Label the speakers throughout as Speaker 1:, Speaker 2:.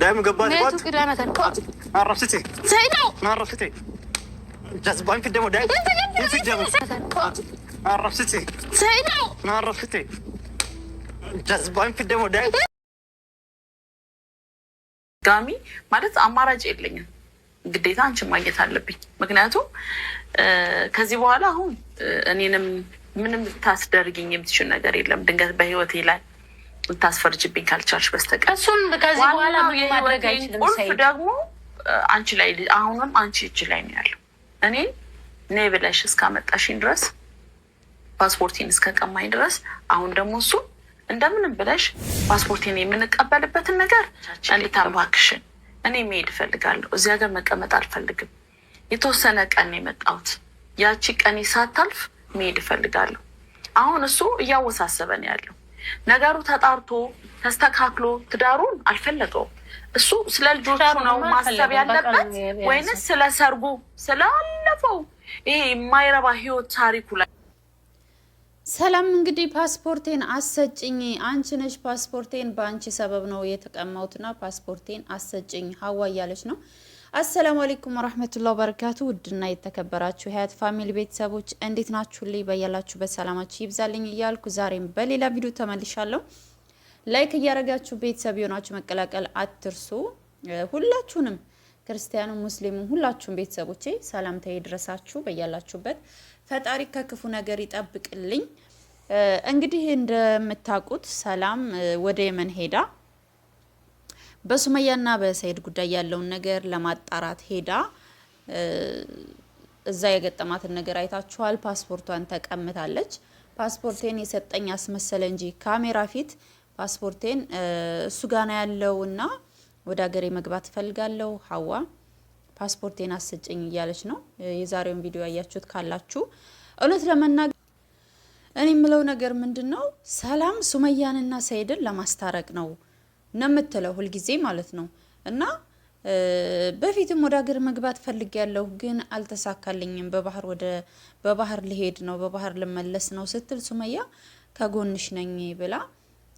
Speaker 1: ዳይም ገባን
Speaker 2: ጋሚ ማለት አማራጭ የለኝም። ግዴታ አንቺን ማግኘት አለብኝ። ምክንያቱም ከዚህ በኋላ አሁን እኔንም ምንም ታስደርግኝ የምትችል ነገር የለም። ድንገት በህይወቴ ላይ ልታስፈርጅብኝ ካልቻልሽ በስተቀር እሱን ከዚህ በኋላ ቁልፍ ደግሞ አንቺ ላይ አሁንም አንቺ እጅ ላይ ነው ያለው። እኔ ነይ ብለሽ እስካመጣሽኝ ድረስ ፓስፖርቴን እስከቀማኝ ድረስ አሁን ደግሞ እሱ እንደምንም ብለሽ ፓስፖርቴን የምንቀበልበትን ነገር እንድታባክሽን እኔ መሄድ እፈልጋለሁ። እዚህ ሀገር መቀመጥ አልፈልግም። የተወሰነ ቀን የመጣሁት ያቺ ቀን ሳታልፍ መሄድ እፈልጋለሁ። አሁን እሱ እያወሳሰበን ያለው ነገሩ ተጣርቶ ተስተካክሎ ትዳሩን አልፈለገውም። እሱ ስለ ልጆቹ ነው ማሰብ ያለበት ወይንስ ስለ ሰርጉ ስላለፈው ይሄ የማይረባ ህይወት ታሪኩ ላይ ሰላም እንግዲህ ፓስፖርቴን አሰጭኝ፣ አንቺ ነሽ ፓስፖርቴን በአንቺ ሰበብ ነው የተቀማሁትና ፓስፖርቴን አሰጭኝ ሀዋ እያለች ነው አሰላሙ አለይኩም ወራህመቱላሂ ወበረካቱ። ውድና የተከበራችሁ የሀያት ፋሚሊ ቤተሰቦች እንዴት ናችሁ? ላይ በያላችሁበት ሰላማችሁ ይብዛልኝ እያልኩ ዛሬም በሌላ ቪዲዮ ተመልሻለሁ። ላይክ እያረጋችሁ ቤተሰብ የሆናችሁ መቀላቀል አትርሱ። ሁላችሁንም ክርስቲያኑ፣ ሙስሊሙ ሁላችሁም ቤተሰቦቼ ሰላምታዬ ይድረሳችሁ በያላችሁበት። ፈጣሪ ከክፉ ነገር ይጠብቅልኝ። እንግዲህ እንደምታውቁት ሰላም ወደ የመን ሄዳ በሱመያና በሰይድ ጉዳይ ያለውን ነገር ለማጣራት ሄዳ እዛ የገጠማትን ነገር አይታችኋል። ፓስፖርቷን ተቀምታለች። ፓስፖርቴን የሰጠኝ አስመሰለ እንጂ ካሜራ ፊት ፓስፖርቴን እሱ ጋና ያለውና ወደ ሀገሬ መግባት እፈልጋለሁ ሀዋ ፓስፖርቴን አስጭኝ እያለች ነው። የዛሬውን ቪዲዮ ያያችሁት ካላችሁ እውነት ለመናገር እኔ የምለው ነገር ምንድን ነው፣ ሰላም ሱመያንና ሰይድን ለማስታረቅ ነው ነው የምትለው ሁልጊዜ ማለት ነው እና በፊትም ወደ ሀገር መግባት ፈልግ ያለሁ ግን አልተሳካልኝም፣ በባህር ወደ በባህር ልሄድ ነው በባህር ልመለስ ነው ስትል ሱመያ ከጎንሽ ነኝ ብላ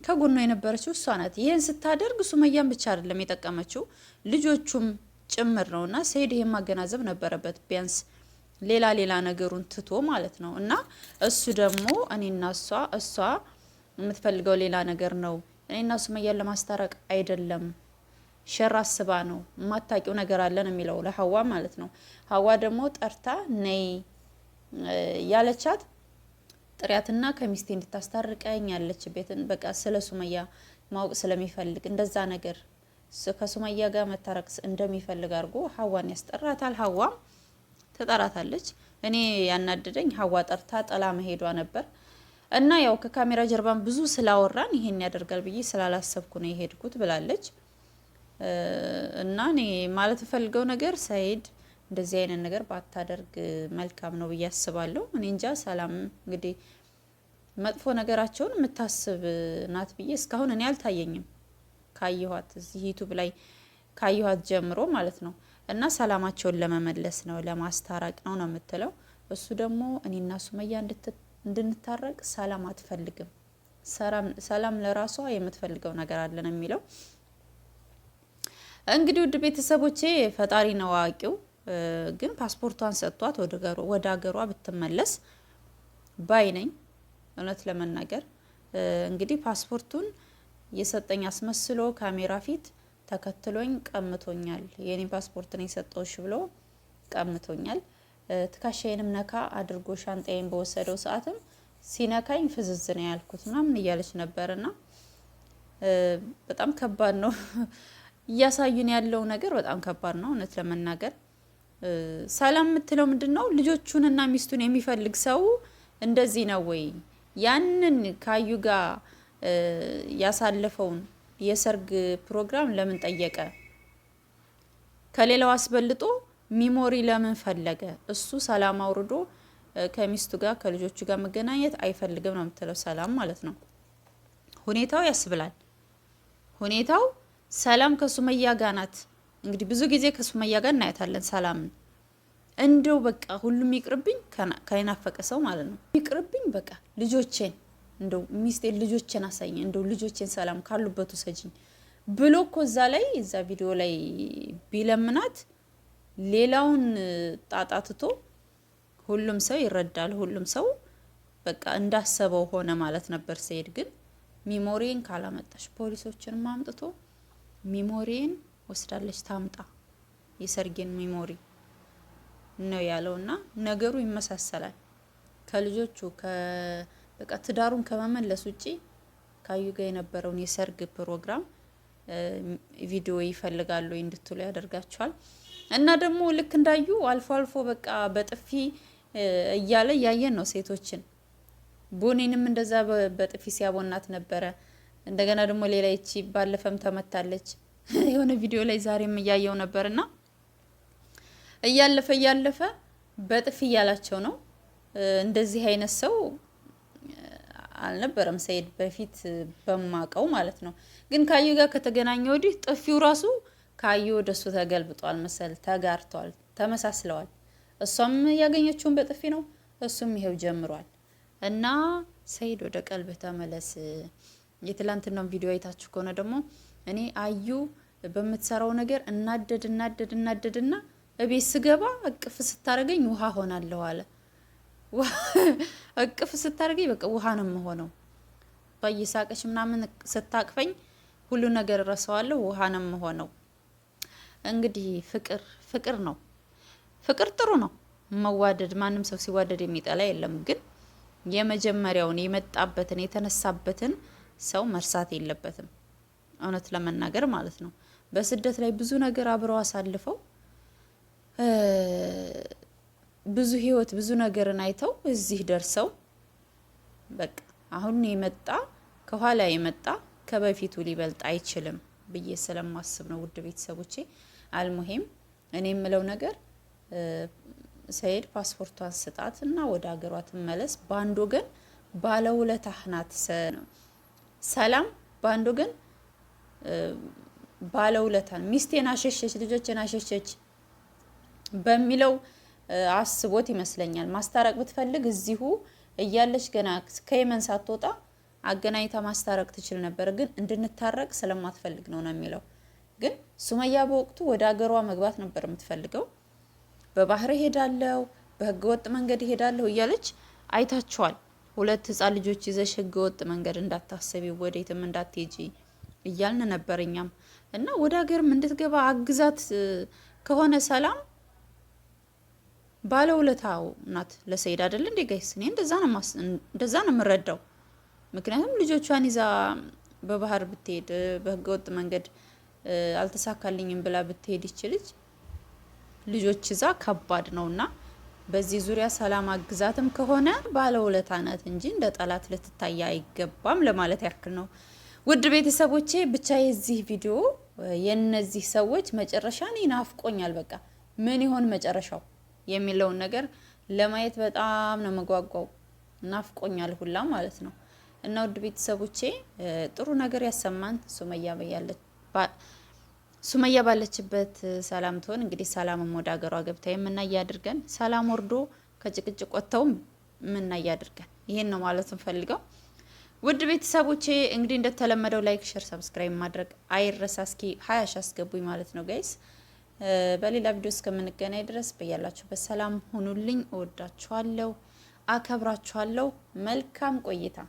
Speaker 2: ከጎኗ የነበረችው እሷ ናት። ይህን ስታደርግ ሱመያን ብቻ አይደለም የጠቀመችው ልጆቹም ጭምር ነው እና ሰይድ ይህን ማገናዘብ ነበረበት ቢያንስ ሌላ ሌላ ነገሩን ትቶ ማለት ነው እና እሱ ደግሞ እኔና እሷ እሷ የምትፈልገው ሌላ ነገር ነው እኔ እና ሱመያን ለማስታረቅ አይደለም ሸር አስባ ነው የማታውቂው ነገር አለን የሚለው ለሀዋ ማለት ነው። ሀዋ ደግሞ ጠርታ ነይ ያለቻት ጥሪያትና ከሚስቴ እንድታስታርቀኝ ቤትን በቃ ስለ ሱመያ ማወቅ ስለሚፈልግ እንደዛ ነገር ከሱመያ ጋር መታረቅ እንደሚፈልግ አድርጎ ሀዋን ያስጠራታል። ሀዋ ትጠራታለች። እኔ ያናደደኝ ሀዋ ጠርታ ጥላ መሄዷ ነበር። እና ያው ከካሜራ ጀርባን ብዙ ስላወራን ይሄን ያደርጋል ብዬ ስላላሰብኩ ነው የሄድኩት ብላለች። እና እኔ ማለት ፈልገው ነገር ሰኢድ እንደዚህ አይነት ነገር ባታደርግ መልካም ነው ብዬ አስባለሁ። እኔ እንጃ ሰላም እንግዲህ መጥፎ ነገራቸውን የምታስብ ናት ብዬ እስካሁን እኔ አልታየኝም። ካየኋት እዚህ ዩቱብ ላይ ካየኋት ጀምሮ ማለት ነው። እና ሰላማቸውን ለመመለስ ነው ለማስታረቅ ነው ነው የምትለው። እሱ ደግሞ እኔና ሱመያ እንድትት እንድንታረቅ ሰላም አትፈልግም። ሰላም ለራሷ የምትፈልገው ነገር አለ ነው የሚለው። እንግዲህ ውድ ቤተሰቦቼ ፈጣሪ ነው አዋቂው። ግን ፓስፖርቷን ሰጥቷት ወደ ሀገሯ ብትመለስ ባይ ነኝ። እውነት ለመናገር እንግዲህ ፓስፖርቱን የሰጠኝ አስመስሎ ካሜራ ፊት ተከትሎኝ ቀምቶኛል። የኔ ፓስፖርት ነው የሰጠውሽ ብሎ ቀምቶኛል። ትከሻዬንም ነካ አድርጎ ሻንጣዬን በወሰደው ሰዓትም ሲነካኝ ፍዝዝ ነው ያልኩት ምናምን እያለች ነበር። እና በጣም ከባድ ነው እያሳዩን ያለው ነገር በጣም ከባድ ነው እውነት ለመናገር። ሰላም የምትለው ምንድን ነው? ልጆቹንና ሚስቱን የሚፈልግ ሰው እንደዚህ ነው ወይ? ያንን ካዩ ጋር ያሳለፈውን የሰርግ ፕሮግራም ለምን ጠየቀ? ከሌላው አስበልጦ ሚሞሪ ለምን ፈለገ? እሱ ሰላም አውርዶ ከሚስቱ ጋር ከልጆቹ ጋር መገናኘት አይፈልግም ነው የምትለው ሰላም ማለት ነው። ሁኔታው ያስብላል። ሁኔታው ሰላም ከሱመያ ጋር ናት። እንግዲህ ብዙ ጊዜ ከሱመያ ጋር እናያታለን ሰላምን። እንደው በቃ ሁሉም ይቅርብኝ ከናፈቀ ሰው ማለት ነው ይቅርብኝ፣ በቃ ልጆቼን እንደው ሚስቴ ልጆቼን አሳኝ፣ እንደው ልጆቼን ሰላም ካሉበት ውሰጅኝ ብሎ እኮ እዛ ላይ እዛ ቪዲዮ ላይ ቢለምናት ሌላውን ጣጣ ትቶ ሁሉም ሰው ይረዳል፣ ሁሉም ሰው በቃ እንዳሰበው ሆነ ማለት ነበር። ሲሄድ ግን ሚሞሪን ካላመጣሽ ፖሊሶችንም አምጥቶ ሚሞሪን ወስዳለች ታምጣ የሰርጌን ሚሞሪ ነው ያለውና ነገሩ ይመሳሰላል። ከልጆቹ በቃ ትዳሩን ከመመለስ ውጪ ካዩ ጋር የነበረውን የሰርግ ፕሮግራም ቪዲዮ ይፈልጋሉ እንድትሉ ያደርጋቸዋል። እና ደግሞ ልክ እንዳዩ አልፎ አልፎ በቃ በጥፊ እያለ እያየን ነው ሴቶችን። ቡኒንም እንደዛ በጥፊ ሲያቦናት ነበረ። እንደገና ደግሞ ሌላ ይቺ ባለፈም ተመታለች የሆነ ቪዲዮ ላይ ዛሬም እያየው ነበርና እያለፈ እያለፈ በጥፊ እያላቸው ነው። እንደዚህ አይነት ሰው አልነበረም ሰይድ በፊት በማቀው ማለት ነው። ግን ካዩ ጋር ከተገናኘ ወዲህ ጥፊው ራሱ ካዩ ወደ እሱ ተገልብጧል መሰል ተጋርቷል፣ ተመሳስለዋል። እሷም ያገኘችውን በጥፊ ነው፣ እሱም ይሄው ጀምሯል። እና ሰይድ ወደ ቀልብህ ተመለስ። የትላንትናውን ቪዲዮ አይታችሁ ከሆነ ደግሞ እኔ አዩ በምትሰራው ነገር እናደድ እናደድ እናደድና እቤት ስገባ እቅፍ ስታደርገኝ ውሃ ሆናለሁ አለ። እቅፍ ስታደርገኝ በቃ ውሃ ነው የምሆነው። በየሳቀች ምናምን ስታቅፈኝ ሁሉ ነገር እረሳዋለሁ፣ ውሃ ነው የምሆነው እንግዲህ ፍቅር ፍቅር ነው። ፍቅር ጥሩ ነው። መዋደድ ማንም ሰው ሲዋደድ የሚጠላ የለም። ግን የመጀመሪያውን የመጣበትን የተነሳበትን ሰው መርሳት የለበትም። እውነት ለመናገር ማለት ነው። በስደት ላይ ብዙ ነገር አብረው አሳልፈው ብዙ ህይወት ብዙ ነገርን አይተው እዚህ ደርሰው በቃ አሁን የመጣ ከኋላ የመጣ ከበፊቱ ሊበልጥ አይችልም ብዬ ስለማስብ ነው ውድ ቤተሰቦቼ። አልሙሂም እኔ የምለው ነገር ሰይድ ፓስፖርቷን ስጣት እና ወደ ሀገሯ ትመለስ። በአንድ ወገን ባለውለታህ ናት ሰላም፣ በአንድ ወገን ባለውለታን ሚስቴን አሸሸች፣ ልጆችን አሸሸች በሚለው አስቦት ይመስለኛል። ማስታረቅ ብትፈልግ እዚሁ እያለች ገና ከየመን ሳትወጣ አገናኝታ ማስታረቅ ትችል ነበር፣ ግን እንድንታረቅ ስለማትፈልግ ነው ነው የሚለው ግን ሱመያ በወቅቱ ወደ አገሯ መግባት ነበር የምትፈልገው። በባህር ሄዳለው፣ በህገ ወጥ መንገድ ሄዳለሁ እያለች አይታችኋል። ሁለት ህጻን ልጆች ይዘሽ ህገ ወጥ መንገድ እንዳታሰቢ፣ ወዴትም እንዳትሄጂ እያልን ነበር እኛም እና ወደ ሀገርም እንድትገባ አግዛት ከሆነ ሰላም ባለውለታው ናት ለሰይድ አይደል እንዴ? ጋይስ እኔ እንደዛ ነው የምረዳው። ምክንያቱም ልጆቿን ይዛ በባህር ብትሄድ ወጥ መንገድ አልተሳካልኝም ብላ ብትሄድ ይችልች ልጆች ይዛ ከባድ ነው ነውና በዚህ ዙሪያ ሰላም አግዛትም ከሆነ ባለውለታ ናት እንጂ እንደ ጠላት ልትታይ አይገባም ለማለት ያክል ነው። ውድ ቤተሰቦቼ ብቻ የዚህ ቪዲዮ የነዚህ ሰዎች መጨረሻ እኔ ናፍቆኛል። በቃ ምን ይሆን መጨረሻው የሚለውን ነገር ለማየት በጣም ነው መጓጓው። ናፍቆኛል ሁላ ማለት ነው። እና ውድ ቤተሰቦቼ ጥሩ ነገር ያሰማን። ሱመያ በያለች ሱመያ ባለችበት ሰላም ትሆን። እንግዲህ ሰላምም ወደ ሀገሯ ገብታ የምና እያድርገን ሰላም ወርዶ ከጭቅጭቅ ወጥተውም ምና እያድርገን። ይሄን ነው ማለት እንፈልገው። ውድ ቤተሰቦቼ እንግዲህ እንደተለመደው ላይክ፣ ሸር፣ ሰብስክራይብ ማድረግ አይረሳ። እስኪ ሀያ ሺ አስገቡኝ ማለት ነው ጋይስ። በሌላ ቪዲዮ እስከምንገናኝ ድረስ በያላችሁ ሰላም ሁኑልኝ። እወዳችኋለሁ፣ አከብራችኋለሁ። መልካም ቆይታ